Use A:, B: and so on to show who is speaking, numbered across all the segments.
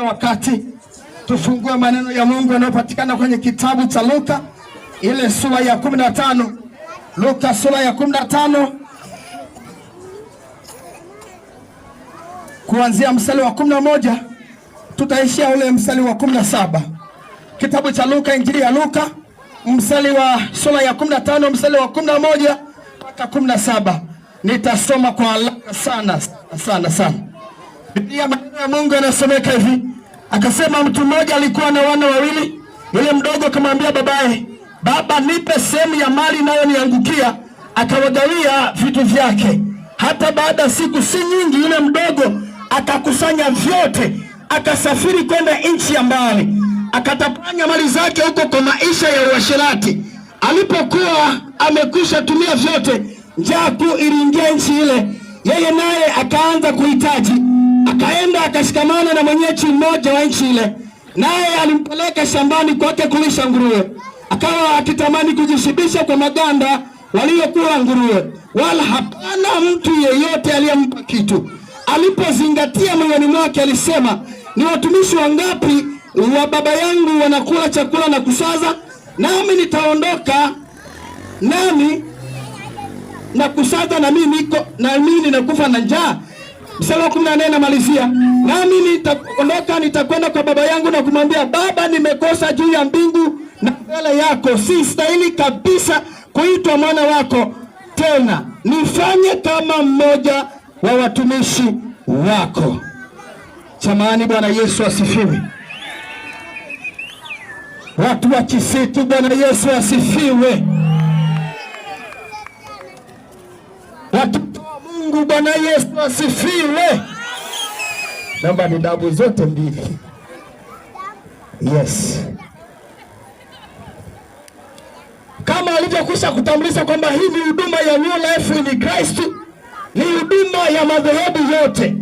A: Wakati tufungue maneno ya Mungu yanayopatikana kwenye kitabu cha Luka ile sura ya 15. Luka sura ya 15 kuanzia mstari wa 11 tutaishia ule mstari wa 17. Kitabu cha Luka, Injili ya Luka, mstari wa sura ya 15 mstari wa 11 mpaka 17. Nitasoma kwa haraka sana sana sana. Biblia maneno ya Mungu yanasemeka hivi, akasema mtu mmoja alikuwa na wana wawili, yule mdogo akamwambia babaye, baba, nipe sehemu ya mali inayoniangukia. Akawagawia vitu vyake. Hata baada ya siku si nyingi, yule mdogo akakusanya vyote, akasafiri kwenda nchi ya mbali, akatapanya mali zake huko kwa maisha ya uasherati. Alipokuwa amekwisha tumia vyote, njaa kuu iliingia nchi ile, yeye naye akaanza kuhitaji akaenda akashikamana na mwenyeji mmoja wa nchi ile, naye alimpeleka shambani kwake kulisha nguruwe. Akawa akitamani kujishibisha kwa maganda waliokuwa nguruwe, wala hapana mtu yeyote aliyempa kitu. Alipozingatia moyoni mwake, alisema, ni watumishi wangapi wa baba yangu wanakula chakula na kusaza, nami nitaondoka nami na kusaza, na mimi niko na mimi ninakufa na njaa mstari wa kumi na nne namalizia, nami nitaondoka nitakwenda kwa baba yangu na kumwambia Baba, nimekosa juu ya mbingu na mbele yako, si stahili kabisa kuitwa mwana wako tena, nifanye kama mmoja wa watumishi wako. Jamani, Bwana Yesu asifiwe. Watu wa Kisitu, Bwana Yesu asifiwe. Mungu. Bwana Yesu asifiwe. Namba ni dabu zote mbili. Yes, kama alivyokwisha kutambulisha kwamba hii ni huduma ya New Life in Christ, ni huduma ya madhehebu yote,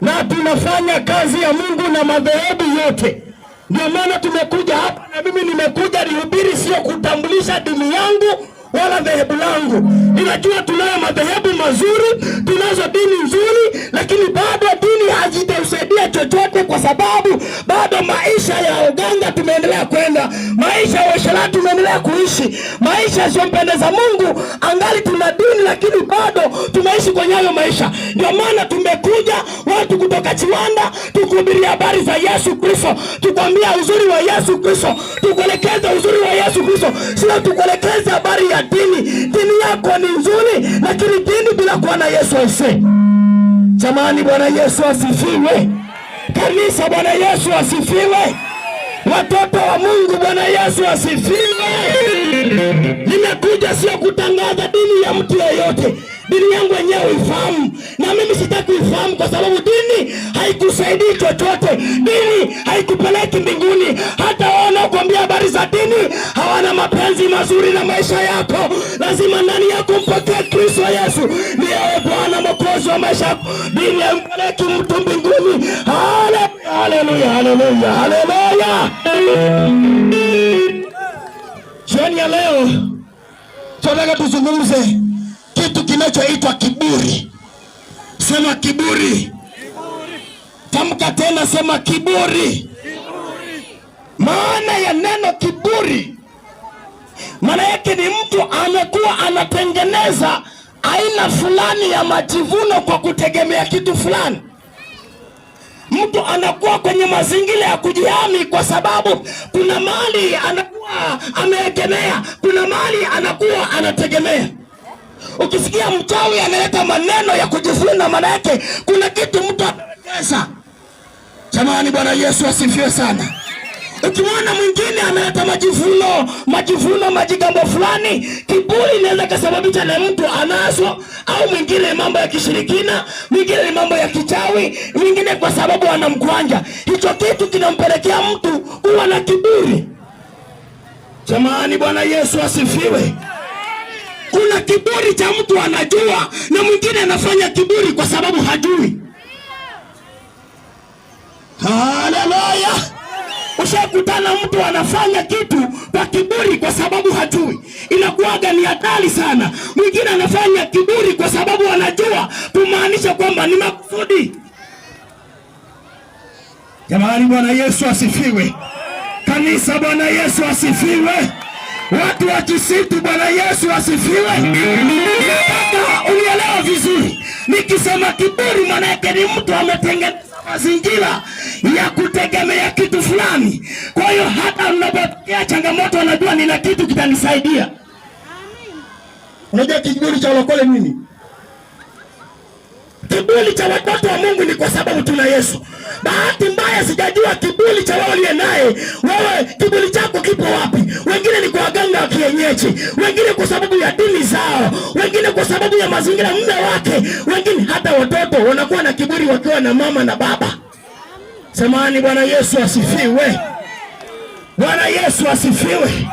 A: na tunafanya kazi ya Mungu na madhehebu yote. Ndio maana tumekuja hapa, na mimi nimekuja nihubiri, sio kutambulisha dini yangu wala dhehebu langu. Ninajua tunayo madhehebu mazuri, tunazo dini nzuri, lakini bado dini hazitausaidia chochote, kwa sababu bado maisha ya uganga tumeendelea kwenda, maisha ya uasherati tumeendelea kuishi, maisha yasiyompendeza Mungu. Angali tuna dini, lakini bado tumeishi kwenye hayo maisha. Ndio maana tumekuja watu kutoka Chiwanda, tukuhubiria habari za Yesu Kristo, tukwambia uzuri wa Yesu Kristo, tukuelekeza uzuri wa Yesu Kristo, sio tukuelekeza habari ya dini. Dini yako ni nzuri, lakini dini bila kuwa na Yesu aisee. Jamani, Bwana Yesu asifiwe. Kanisa, Bwana Yesu asifiwe. Watoto wa Mungu, Bwana Yesu asifiwe. Nimekuja sio kutangaza dini ya mtu yeyote dini yangu wenyewe uifahamu, na mimi sitaki uifahamu, kwa sababu dini haikusaidii chochote. Dini haikupeleki mbinguni. Hata wao wanaokuambia habari za dini hawana mapenzi mazuri na maisha yako. Lazima ndani yako mpokee Kristo Yesu, ndiye Bwana Mwokozi wa maisha yako. Dini haimpeleki mtu mbinguni. Haleluya, haleluya, haleluya! Jioni ya leo tunataka tuzungumze kinachoitwa kiburi. Sema kiburi, tamka tena, sema kiburi. Maana ya neno kiburi, maana yake ni mtu amekuwa anatengeneza aina fulani ya majivuno kwa kutegemea kitu fulani. Mtu anakuwa kwenye mazingira ya kujihami kwa sababu kuna mali anakuwa ameegemea, kuna mali anakuwa anategemea. Ukisikia mchawi analeta maneno ya kujivuna, maana yake kuna kitu mtu anaweza Jamani, Bwana Yesu asifiwe sana. Ukimwona mwingine ameleta majivuno majivuno majigambo fulani, kiburi inaweza kasababisha na mtu anazo, au mwingine mambo ya kishirikina, mwingine ni mambo ya kichawi, mwingine kwa sababu anamkwanja. Hicho kitu kinampelekea mtu kuwa na kiburi. Jamani, Bwana Yesu asifiwe. Kuna kiburi cha mtu anajua, na mwingine anafanya kiburi kwa sababu hajui. Haleluya! Ushakutana mtu anafanya kitu kwa kiburi kwa sababu hajui, inakuwaga ni hatari sana. Mwingine anafanya kiburi kwa sababu anajua, kumaanisha kwamba ni makusudi. Jamani, Bwana Yesu asifiwe! Kanisa, Bwana Yesu asifiwe! watu wa Kisitu. Bwana Yesu asifiwe. Nataka unielewa vizuri, nikisema kiburi, yake ni mtu ametengeneza mazingira ya kutegemea kitu fulani. Kwa hiyo hata unapopokea changamoto, anajua nina kitu kitanisaidia. Unajua kiburi cha lokole nini? kiburi cha watoto wa Mungu ni kwa sababu tuna Yesu. Bahati mbaya sijajua kiburi cha wao uliye naye wewe, kiburi chako kipo wapi? Wengine ni kwa waganga wa kienyeji, wengine kwa sababu ya dini zao, wengine kwa sababu ya mazingira, mume wake, wengine hata watoto wanakuwa na kiburi wakiwa na mama na baba. samani Bwana Yesu asifiwe! Bwana Yesu asifiwe!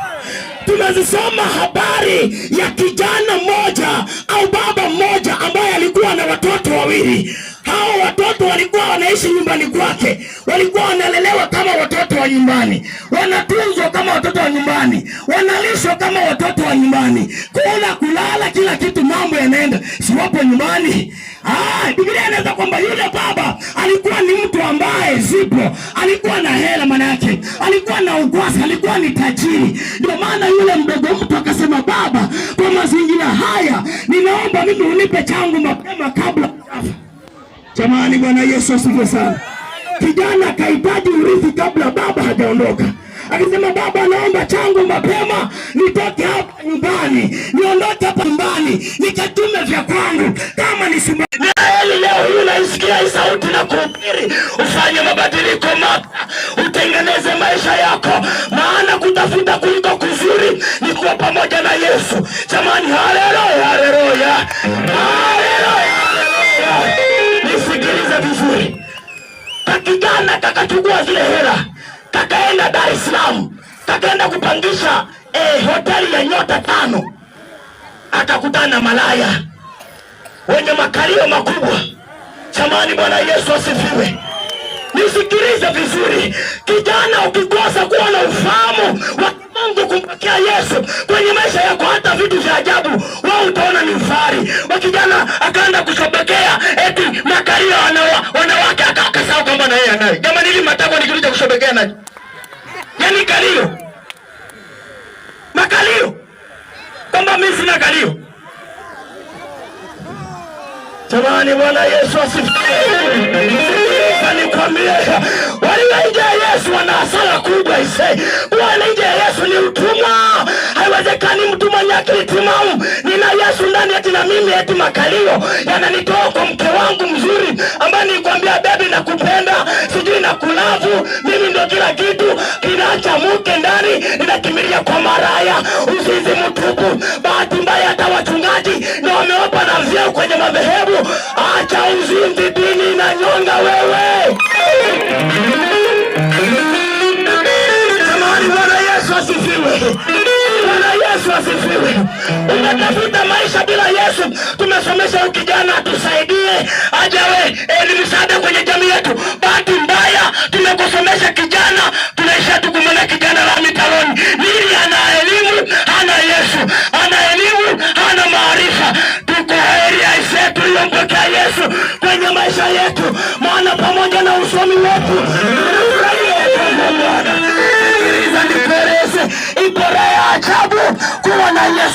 A: tunazisoma habari ya kijana mmoja au baba mmoja ambaye alikuwa na watoto wawili. Hao watoto walikuwa wanaishi nyumbani kwake, walikuwa wanalelewa kama watoto wa nyumbani, wanatunzwa kama watoto wa nyumbani, wanalishwa kama watoto wa nyumbani, kula, kulala, kila kitu, mambo yanaenda, siwapo nyumbani. Ah, Biblia inaeleza kwamba yule baba alikuwa ni mtu ambaye zipo, alikuwa na hela, maana yake alikuwa na ugwasi, alikuwa ni tajiri. Ndio maana yule mdogo mtu akasema, baba, kwa mazingira haya, ninaomba mimi unipe changu mapema kabla Jamani, Bwana Yesu asifiwe sana. Kijana kahitaji urithi kabla baba hajaondoka. Akisema baba, naomba changu mapema, nitoke hapa nyumbani, niondoke hapa nyumbani, nikatume vya kwangu kama nisima. Leo hii unaisikia hii sauti na kuhubiri, ufanye mabadiliko mapya, utengeneze maisha yako, maana kutafuta kuliko kuzuri ni kuwa pamoja na Yesu. Jamani, haleluya, haleluya, haleluya. Jana kakachukua zile hela kakaenda Dar es Salaam, kakaenda kupangisha eh, hoteli ya nyota tano, akakutana na malaya wenye makalio makubwa. Jamani, Bwana Yesu asifiwe. Nisikilize vizuri kijana, ukikosa kuwa na ufahamu wa Mungu kumpokea Yesu kwenye maisha yako, hata vitu vya ajabu wao utaona ni ufari. Wakijana akaenda kushobekea eti makaria wanawake, akasahau kwamba na yeye anaye. Jamani, hili matako ni kitu cha kushobekea nacho, yaani kalio makalio, kwamba mimi sina kalio Jamani, Bwana Yesu asifiwe. Nikwambie walio nje ya Yesu wana hasara kubwa. Ise kuwa nje Yesu ni utumwa. Haiwezekani mtu mwenye akili timamu, nina Yesu ndani eti na mimi eti makalio yananitoa kwa mke wangu mzuri ambaye nikwambia bebi, nakupenda sijui na kulavu mimi ndio kila kitu, kinacha mke ndani, ninakimilia kwa maraya. usizi mtupu. Bahati mbaya hata wachungaji na wameopa na vyeo kwenye madhehebu. Acha uzinzi, dini inanyonga wewe. Jamani, Bwana Yesu tunatafuta maisha bila Yesu. Tumesomesha huyu kijana atusaidie aje awe eh, ni msaada kwenye jamii yetu. Bahati mbaya tumekusomesha kijana, tunaisha tukumwona kijana la mitaloni. Nili ana elimu hana Yesu, ana elimu hana maarifa. Tuko heri yompokea Yesu kwenye maisha yetu, maana pamoja na usomi wetu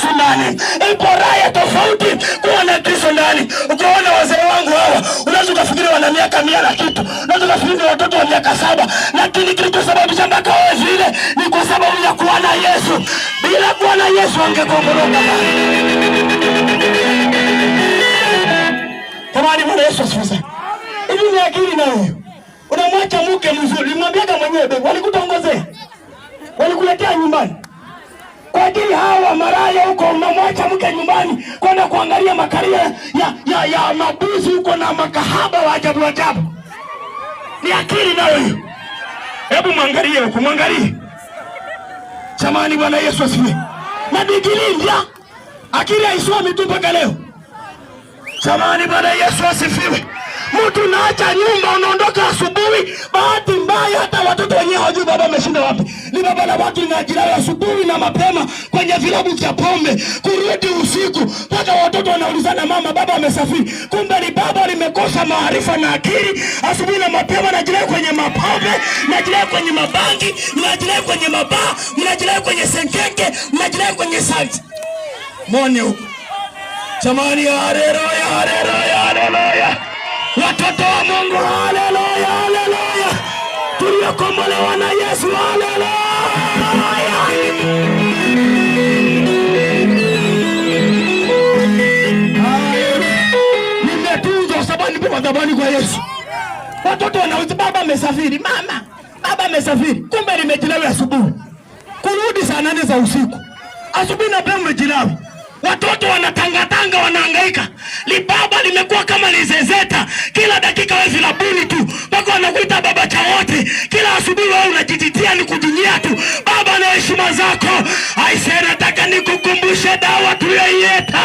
A: Kristo ndani. Ipo raya tofauti kuwa na Kristo ndani. Ukiona wazee wangu hawa, unaweza kufikiri wana miaka mia na kitu, unaweza kufikiri watoto wa miaka saba, lakini kilichosababisha mpaka wao vile ni kwa sababu ya kuwa na Yesu. Bila kuwa na Yesu wangegongoroka. Tamani mwana Yesu asifiwe. Hivi ni akili na wewe. Unamwacha mke mzuri, kama mwenyewe, walikutongoze. Walikuletea nyumbani kwa ajili hawa maraya huko, unamwacha mke nyumbani kwenda kuangalia makaria ya, ya, ya mabuzi huko na makahaba wa ajabu ajabu. Ni akili nayo hiyo. Hebu mwangalie huko, mwangalie jamani. Bwana Yesu asifiwe. Na digili ndia akili haisomi tu mpaka leo. Jamani, Bwana Yesu asifiwe. Mtu naacha nyumba unaondoka asubuhi. Bahati mbaya hata watoto wenyewe hawajui baba ameshinda wapi. Ni baba la watu linajirawa asubuhi na mapema kwenye vilabu vya pombe, kurudi usiku mpaka watoto wanaulizana, mama, baba amesafiri. Kumbe ni baba limekosa maarifa na akili. Asubuhi na mapema najirai kwenye mapombe, najirai kwenye mabangi, najirai kwenye mabaa, najirai kwenye senkenge, najirai kwenye sai mone huko. Jamani, haleluya, haleluya, haleluya watoto wa Mungu, haleluya, haleluya, tuliokombolewa na Yesu, haleluya. Madhabani kwa Yesu. Watoto wanauliza baba amesafiri, mama, baba amesafiri. Kumbe nimechelewa asubuhi. Kurudi saa nane za usiku. Asubuhi na mapema nimechelewa. Watoto wanatangatanga wanaangaika libaba limekuwa kama lizezeta, kila dakika wewe tu mpaka wanakuita baba cha wote. Kila asubuhi wewe unajititia ni kudunia tu baba na heshima zako. Aise, nataka nikukumbushe dawa tuyoieta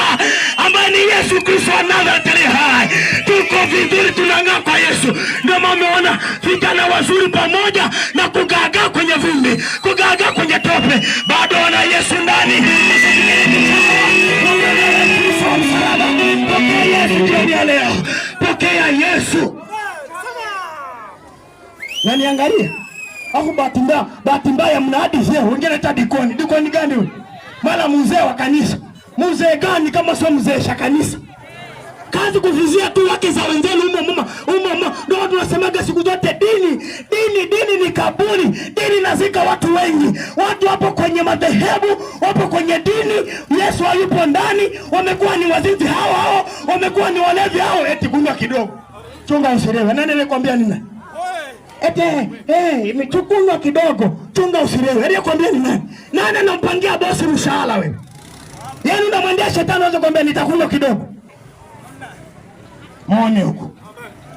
A: ambaye ni Yesu Kristo wa hai. Tuko vizuri, tunang'aa kwa Yesu. Ndio maana umeona vijana wazuri pamoja na kugaagaa kwenye vumbi, kugaagaa kwenye tope, bado wana Yesu ndani leo. Pokea Yesu. Naniangalia au bahati mbaya, bahati mbaya mnaadi vyeo, wengine hata dikoni. Dikoni gani huyo? Mara mzee wa kanisa. Mzee gani kama sio mzee sha kanisa? kazi kuvizia tu wake za wenzenu umo mama humo humo. Ndio tunasemaga siku zote dini dini dini ni kaburi, dini nazika watu wengi. Watu wapo kwenye madhehebu, wapo kwenye dini, Yesu hayupo ndani, wamekuwa ni wazizi hao hao, wamekuwa ni walevi hao. Eti kunywa kidogo, chunga usirewe Nani alikwambia nini? Ete, hey, imechukunywa kidogo, chunga usirewe. usilewe. Alikwambia ni nani? Nani anampangia bosi mshahara wewe? Yaani unamwendea shetani, anaweza kwambia nitakunwa kidogo mwone huku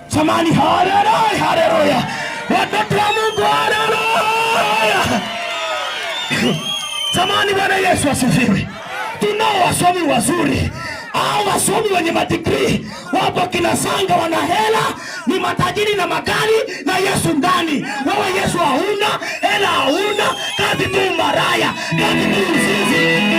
A: samani. haleluya, haleluya. Watoto wa Mungu, haleluya. samani Bwana Yesu asifiwe. Tunao wasomi wazuri au wasomi wenye madigrii wapo kina Sanga, wana hela, ni matajiri na magari na Yesu ndani. Wewe Yesu hauna hela, hauna kazi tu, maraya kazi tu, uzinzi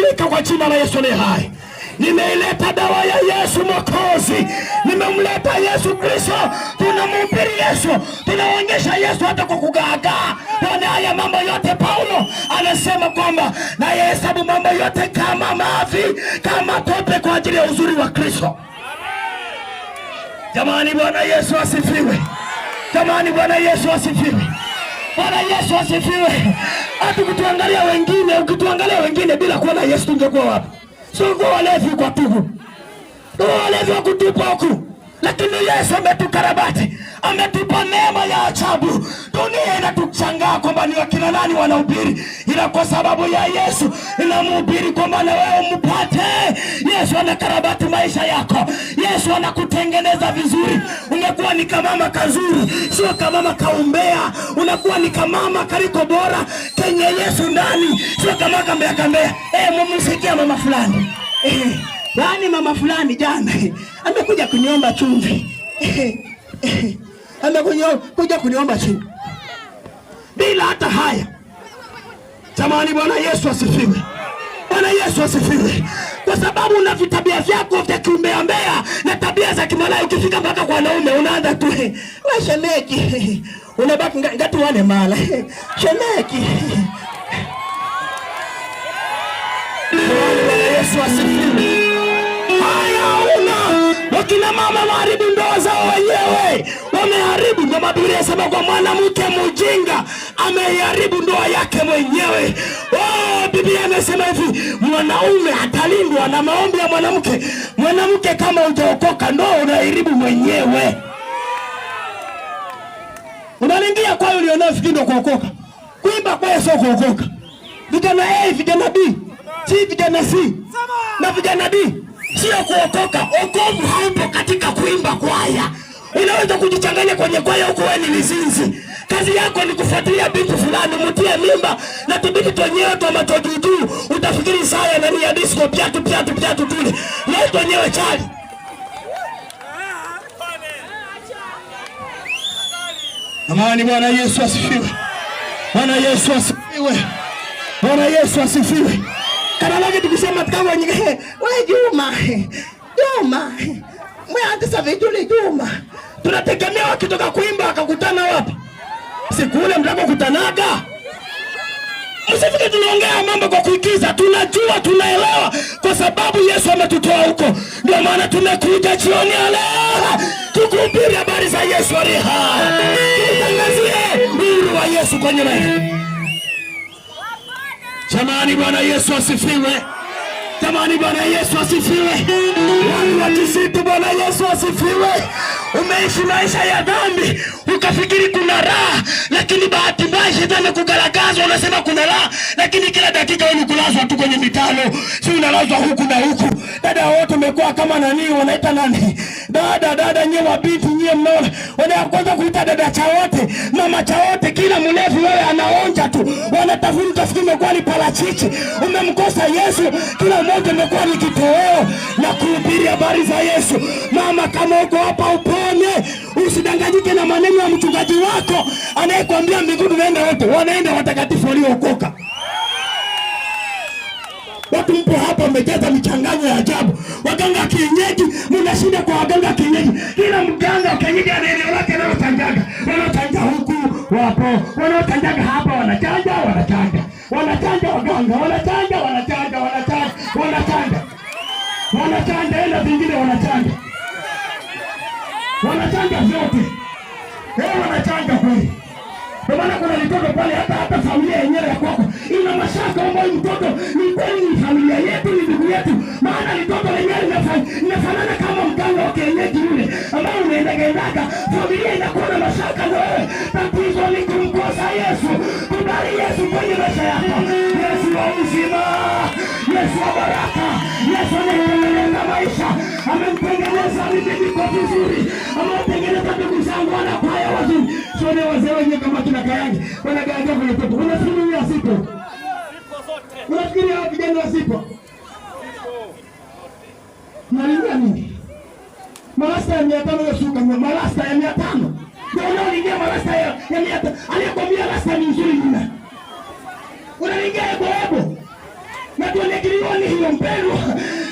A: imebadilika kwa jina la Yesu ni hai. Nimeileta dawa ya Yesu Mwokozi, nimemleta Yesu Kristo, tunamhubiri Yesu, tunaonyesha Yesu hata kwa kugaagaa. Bwana, haya mambo yote Paulo anasema kwamba nayehesabu mambo yote kama mavi, kama tope kwa ajili ya uzuri wa Kristo. Jamani, Bwana Yesu asifiwe! Jamani, Bwana Yesu asifiwe! Bwana Yesu asifiwe. Hata ukituangalia wengine, ukituangalia wengine bila kuona Yesu tungekuwa wapi? Sio kwa walevi kwa tubu. Walevi wa kutupa huku lakini Yesu ametukarabati, ametupa neema ya ajabu. Dunia inatushangaa kwamba ni wakina nani wanahubiri, ila kwa sababu ya Yesu inamhubiri kwamba na wewe mpate. Yesu anakarabati maisha yako, Yesu anakutengeneza vizuri. Unakuwa ni kamama kazuri, sio kamama kaumbea. Unakuwa ni kamama kaliko bora kenye Yesu ndani, sio kamama kambea kambea. Hey, eh, mumsikia mama fulani hey. Eh. Yaani mama fulani jana amekuja kuniomba chumvi. Amekuja kuniomba chumvi bila hata haya. Jamani, Bwana Yesu asifiwe. Bwana Yesu asifiwe. Kwa sababu una vitabia vyako vya kiumbea mbea na tabia za kimalaya, ukifika mpaka kwa wanaume unaanza tu wewe, shemeki unabaki ngatu wale mala shemeki Wakina mama waharibu ndoa zao wenyewe, wameharibu. Ndio Biblia inasema kwa mwanamke mjinga ameharibu ndoa yake mwenyewe. Oh, Biblia inasema hivi, mwanaume atalindwa na maombi ya mwanamke. Mwanamke kama hujaokoka, ndoa unaharibu mwenyewe. Unalingia kwayo ulionao fikiri ndio kuokoka, kuimba kwa sio kuokoka. Vijana A, vijana B, C, vijana C na vijana D sio kuokoka. Wokovu haupo katika kuimba kwaya. Unaweza kujichanganya kwenye kwaya huko, wewe ni mizinzi. Kazi yako ni kufuatilia binti fulani mtie mimba na tibidi twenyewe twa juu, utafikiri saya nani ya disco, tu pia tu tuli na twenyewe chali Amani. Bwana Yesu asifiwe! Bwana Yesu asifiwe! Bwana Yesu asifiwe! karalage tukisema tukawanyike we Juma Juma mwe hata savi Juma tunategemea wakitoka kuimba akakutana wapi sikule ile mtakokutanaga Msifike tunaongea mambo kwa kuigiza, tunajua tunaelewa, kwa sababu Yesu ametutoa huko. Ndio maana tumekuja jioni ya leo tukuhubiri habari za Yesu aliye hai, tutangazie nuru wa Yesu kwenye maisha Jamani, Bwana Yesu asifiwe! Jamani, Bwana Yesu asifiwe! Watu wa Kisitu, Bwana Yesu asifiwe! Umeishi maisha ya dhambi ukafikiri kuna raha, lakini bahati mbaya shetani kugaragazwa. Unasema kuna raha, lakini kila dakika wewe kulazwa tu kwenye mitano si unalazwa huku na huku. Dada wote umekuwa kama nani, wanaita nani, dada dada, nyie wabinti nyie mnaona wanaanza kuita dada cha wote, mama cha wote, kila mlevu wewe anaonja tu, wanatafuni tafikiri umekuwa ni parachichi. Umemkosa Yesu, kila mmoja umekuwa ni kitoweo na kuhubiri habari za Yesu. Mama, kama uko hapa upo usifanye, usidanganyike na maneno ya mchungaji wako anayekwambia mbinguni naenda wote. Wanaenda watakatifu waliookoka. Watu mpo hapa mmejaza michanganyo ya ajabu, waganga kienyeji, mnashinda kwa waganga kienyeji. Kila mganga kienyeji ana eneo lake analochanjaga. Wanachanja huku wapo, wanaochanjaga hapa, wanachanja wanachanja wanachanja, waganga wanachanja wanachanja wanachanja wanachanja wanachanja, enda vingine wanachanja wanachanga vyote wao, eh, wanachanga kweli. Kwa maana kuna mtoto pale, hata hata familia yenyewe ya kwako ina mashaka ambayo mtoto ni kweli, ni familia yetu, ni ndugu yetu, maana mtoto lenyewe linafanana kama mganga wa kienyeji yule ambaye unaendagendaga, familia inakuwa na mashaka na wewe. Tatizo ni kumkosa Yesu. Kubali Yesu kwenye maisha yako. Yesu wa uzima, Yesu wa baraka Yesu anaendeleza maisha, amemtengeneza mimi niko vizuri, amewatengeneza ndugu zangu wana kwaya wazuri. Sione wazee wenyewe kama kina Kayangi wanagaagaa kwenye pepo. Unafikiri mimi asipo? Unafikiri hao vijana wasipo? Nalingia nini? Marasta ya mia tano yosuka, marasta ya mia tano ndio unaolingia marasta ya mia tano. Aliyekwambia rasta ni nzuri mna unalingia eboebo na kwenye gilioni hiyo, mpendwa,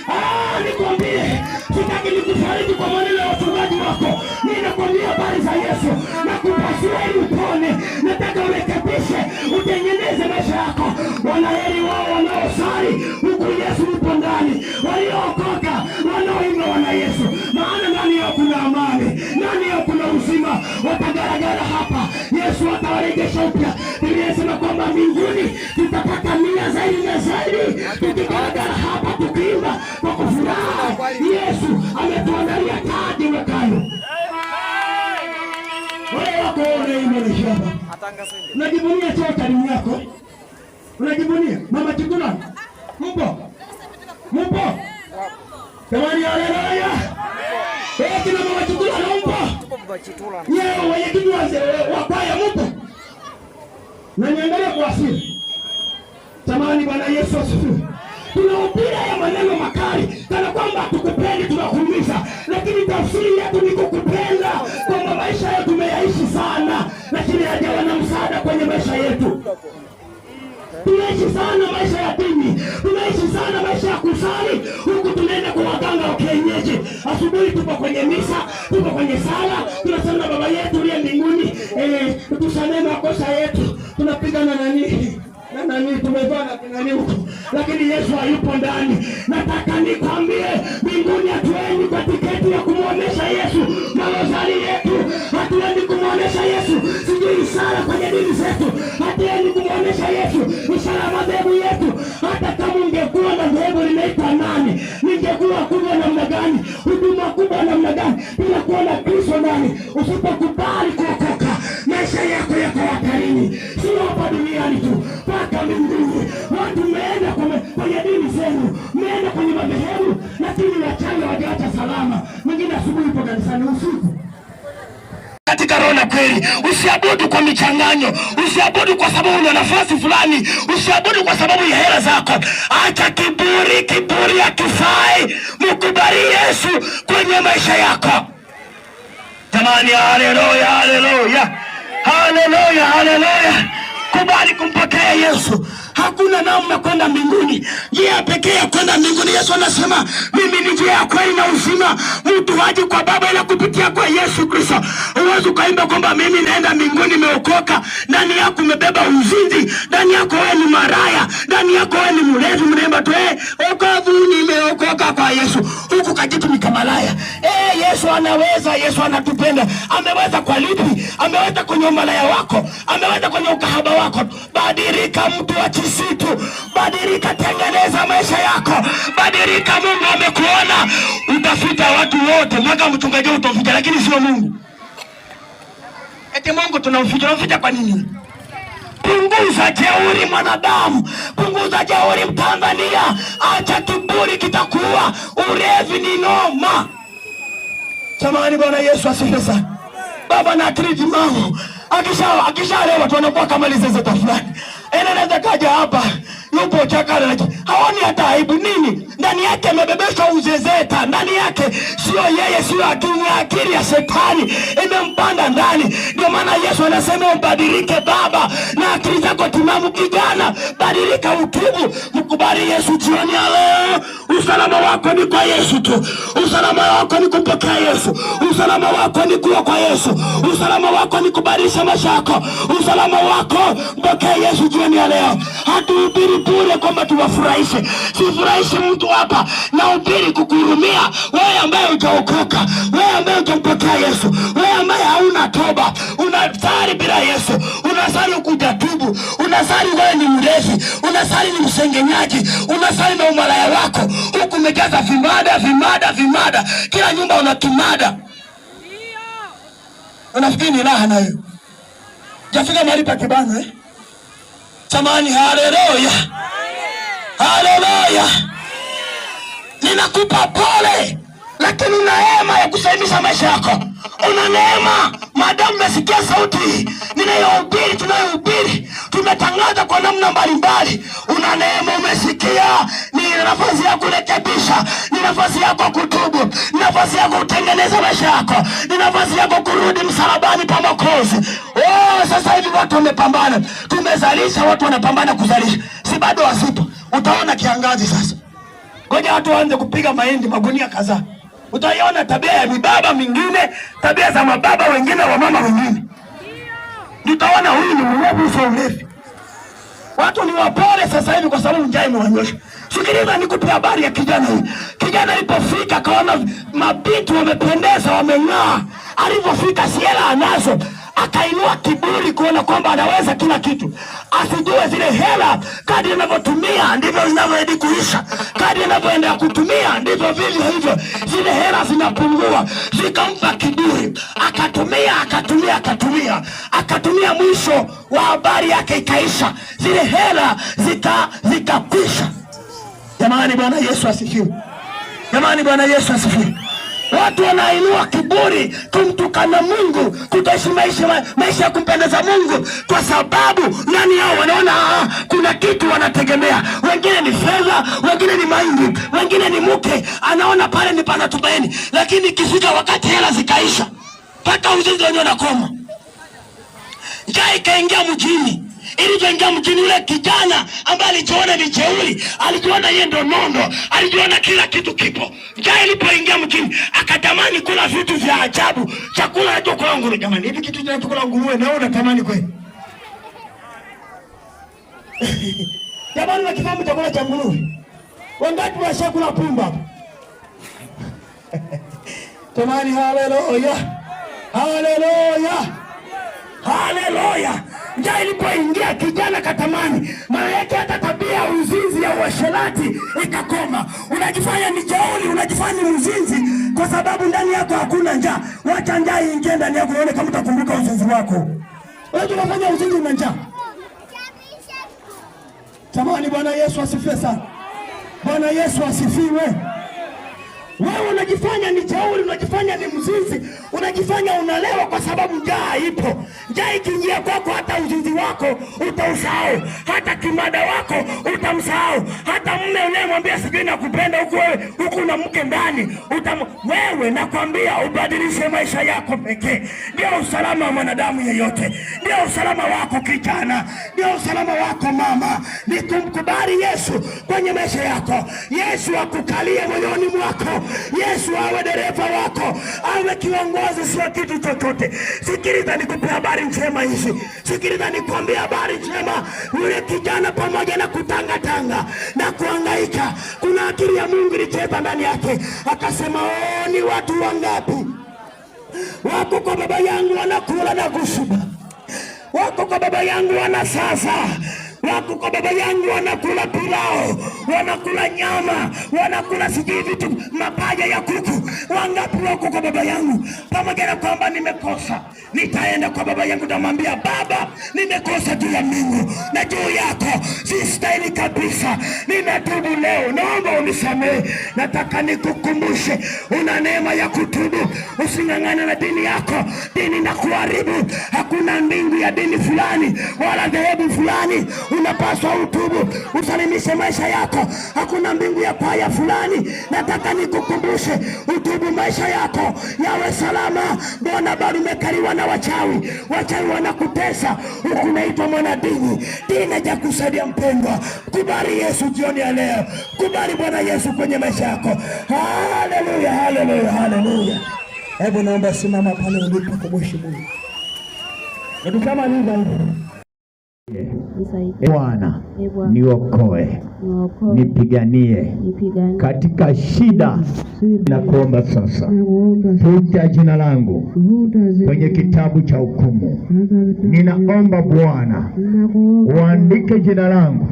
A: ah, nikwambie sitaki nikufariki kwa maneno ya wachungaji wako. nakwambia habari za Yesu na kupasua ili upone, nataka urekebishe utengeneze upya. Biblia inasema kwamba mbinguni tutapata mia zaidi na zaidi, tukigaragara hapa tukiimba kwa kufuraha. Yesu ametuandalia taji wekayo wakoonaimanishaba unajivunia cheo cha dini yako, unajivunia mama chikula. Mpo, mpo jamani, haleluya! Kina mama chikula na mpo nyeo wenye kinywazi na niendelee kuwasihi. Jamani, Bwana Yesu asifiwe. Tunahubiri ya maneno makali kana kwamba tukupendi, tunakuumiza, lakini tafsiri yetu ni kukupenda, kwamba maisha yetu tumeyaishi sana, lakini hajawa na msaada kwenye maisha yetu. Tunaishi sana maisha ya dini, tunaishi sana maisha ya kusali, huku tunaenda kwa waganga wa kienyeji. Asubuhi tupo kwenye misa, tupo kwenye sala, tunasema baba yetu uliye mbinguni, eh, tusamee makosa yetu tunapiga na nani na nani, tumevaa na kinani huko, lakini Yesu hayupo ndani. Nataka nikwambie, mbinguni hatuendi kwa tiketi ya kumwonesha Yesu malozali yetu, hatuendi kumwonesha Yesu sijui ishara kwenye dini zetu, hatuendi kumwonesha Yesu ishara ya madhehebu yetu. Hata kama ungekuwa na dhehebu linaitwa nani, ningekuwa kubwa namna gani, huduma kubwa namna gani, bila kuwa na Kristo ndani, usipokubali Lakini wachawi wajaacha salama, mwingine asubuhi ipo kanisani, usiku katika roho na kweli. Usiabudu kwa michanganyo, usiabudu kwa sababu una nafasi fulani, usiabudu kwa sababu ya hela zako. Acha kiburi, kiburi hakifai. Mkubali Yesu kwenye maisha yako jamani. Haleluya, haleluya, haleluya, haleluya! Kubali kumpokea Yesu hakuna namna kwenda mbinguni. Njia pekee ya kwenda mbinguni, Yesu anasema mimi ni njia ya kweli na uzima, mtu haji kwa Baba ila kupitia kwa Yesu Kristo. Huwezi ukaimba kwamba mimi naenda mbinguni, nimeokoka. Ndani yako umebeba uzinzi, ndani yako wewe ni maraya, ndani yako wewe ni mlevi, mnaimba tu eh, wokovu, nimeokoka kwa Yesu, huku kajitu ni kamalaya. Eh, Yesu anaweza, Yesu anatupenda. Ameweza kwa lipi? Ameweza kwenye umalaya wako, ameweza kwenye ukahaba wako. Badilika mtu wa msitu. Badilika, tengeneza maisha yako, badilika. Mungu amekuona. Utafita watu wote mpaka mchungaji utamficha, lakini sio Mungu. Eti Mungu tunamficha, tunamficha kwa nini? Punguza jeuri mwanadamu, punguza jeuri Mtanzania, acha kiburi, kitakuwa urevi ni noma. Jamani, Bwana Yesu asifiwe sana. Baba na atriji mama akisha akishalewa tu anakuwa kama lizezeta fulani, ena yaani kaja hapa yupo chakaraji, haoni hata aibu. Nini ndani yake? Amebebeshwa uzezeta ndani yake, sio yeye, sio akili. Akili ya shetani imempanda ndani. Ndio maana Yesu anasema mbadilike, baba na akili zako timamu. Kijana badilika, utubu, mkubali Yesu jioni ya leo. Usalama wako ni kwa Yesu tu. Usalama wako ni kupokea Yesu. Usalama wako ni kuwa kwa Yesu. Usalama wako ni kubadilisha maisha yako. Usalama wako mpokee Yesu jioni ya leo. hatuhubiri bure kwamba tuwafurahishe. Sifurahishi mtu hapa, nahubiri kukuhurumia wewe ambaye hujaokoka, wewe ambaye hujampokea Yesu, wewe ambaye hauna toba, unasali bila Yesu, unasali tubu, unasali wewe ni mrezi unasali ni msengenyaji, unasali na umalaya wako huku umejaza vimada vimada vimada, kila nyumba unatumada. Unafikiri ni raha nayo? Jafika mahali pa kibano eh? Jamani, haleluya, haleluya! Ninakupa pole lakini una neema ya kusaidisha maisha yako. Una neema madamu mesikia sauti hii ninayohubiri, tunayohubiri, tumetangaza kwa namna mbalimbali. Una neema umesikia, ni nafasi ya kurekebisha, ni nafasi yako kutubu, ni nafasi yako kutengeneza maisha yako, ni nafasi yako kurudi msalabani pa makozi Oh, sasa hivi watu wamepambana, tumezalisha, watu wanapambana kuzalisha, si bado wasipo, utaona kiangazi sasa. Ngoja watu waanze kupiga mahindi magunia kadhaa utaiona tabia ya mibaba mingine, tabia za mababa wengine, wa mama wengine, utaona huyu ni mlevi, sio mlevi. Watu ni wapole sasa hivi kwa sababu njaa imewanyosha. Sikiliza nikupe habari ya kijana hii Kijana alipofika akaona mabitu wamependeza, wameng'aa. Alipofika siela anazo akainua kiburi kuona kwamba anaweza kila kitu, asijue zile hela kadi inavyotumia ndivyo zinavyozidi kuisha, kadi inavyoendea kutumia ndivyo vivyo hivyo zile hela zinapungua, zikampa kiburi. Akatumia, akatumia, akatumia, akatumia, mwisho wa habari yake ikaisha, zile hela zikakwisha. Zika jamani, Bwana Yesu asifiwe! Jamani, Bwana Yesu asifiwe! Watu wanainua kiburi kumtukana Mungu, kutoishi maisha maisha ya kumpendeza Mungu, kwa sababu nani yao wanaona ah, ah, kuna kitu wanategemea. Wengine ni fedha, wengine ni mahindi, wengine ni mke, anaona pale ni pana tumaini, lakini ikifika wakati hela zikaisha, mpaka uzinzi wenyewe nakoma, njaa ikaingia mjini Ilivyoingia mjini, yule kijana ambaye alijiona ni jeuri, alijiona yeye ndo nondo, alijiona kila kitu kipo. Njaa ilipoingia mjini, akatamani kula vitu vya ajabu, chakula anachokula nguru. Jamani, hivi kitu kinachokula nguruwe na wewe unatamani kweli? Jamani, unakifahamu chakula cha nguruwe? Wangapi washakula pumba? Jamani, haleluya, haleluya, haleluya! njaa ilipoingia, kijana katamani, maana yake hata tabia uzinzi ya uasherati ikakoma. Unajifanya ni jeuri, unajifanya ni mzinzi, kwa sababu ndani yako hakuna njaa. Wacha njaa iingie ndani yako, uone kama utakumbuka uzinzi wako. Wewe unafanya uzinzi, na njaa. tamani Bwana Yesu asifiwe sana. Bwana Yesu asifiwe. Wewe unajifanya ni jeuri, unajifanya ni mzinzi Unajifanya unalewa kwa sababu njaa ipo. Njaa ikiingia kwako, hata uzinzi wako utausahau, hata kimada wako utamsahau, hata mme unayemwambia sijui nakupenda, huku wewe huku na mke ndani utam... wewe nakwambia, ubadilishe maisha yako pekee. Ndio usalama wa mwanadamu yeyote, ndio usalama wako kijana, ndio usalama wako mama, ni kumkubali Yesu kwenye maisha yako. Yesu akukalie moyoni mwako, Yesu awe dereva wako uwe kiongozi sio kitu chochote. Sikiliza, nikupe habari njema hizi. Sikiliza, nikuambie habari njema. Yule kijana pamoja na kutangatanga na kuangaika, kuna akili ya Mungu ilicheza ndani yake, akasema oh, ni watu wangapi wako kwa baba yangu wanakula na kushiba, wako kwa baba yangu wanasasa wako kwa baba yangu, wanakula pilao, wanakula nyama, wanakula sijui vitu mapaja ya kuku. Wangapi wako kwa baba yangu? Pamoja na kwamba nimekosa, nitaenda kwa baba yangu, namwambia Baba, nimekosa juu ya Mungu na juu yako, sistahili kabisa, ninatubu leo, naomba unisamehe. Nataka nikukumbushe, una neema ya kutubu. usingangana na dini yako, dini na kuharibu. Hakuna mbingu ya dini fulani wala dhehebu fulani unapaswa utubu, usalimishe maisha yako. Hakuna mbingu ya kwaya fulani. Nataka nikukumbushe utubu, maisha yako yawe salama. Mbona bado umekaliwa na wachawi? Wachawi wanakutesa huku, naitwa mwanadini dini ja kusaidia. Mpendwa, kubali Yesu jioni ya leo, kubali Bwana Yesu kwenye maisha yako. Haleluya, haleluya, haleluya. Hebu naomba simama pale ulipo, kumwishi Mungu. Ndugu kama nini
B: Ee Bwana niokoe, nipiganie katika shida na kuomba sasa. Futa jina langu kwenye kitabu cha hukumu. Ninaomba Bwana uandike jina langu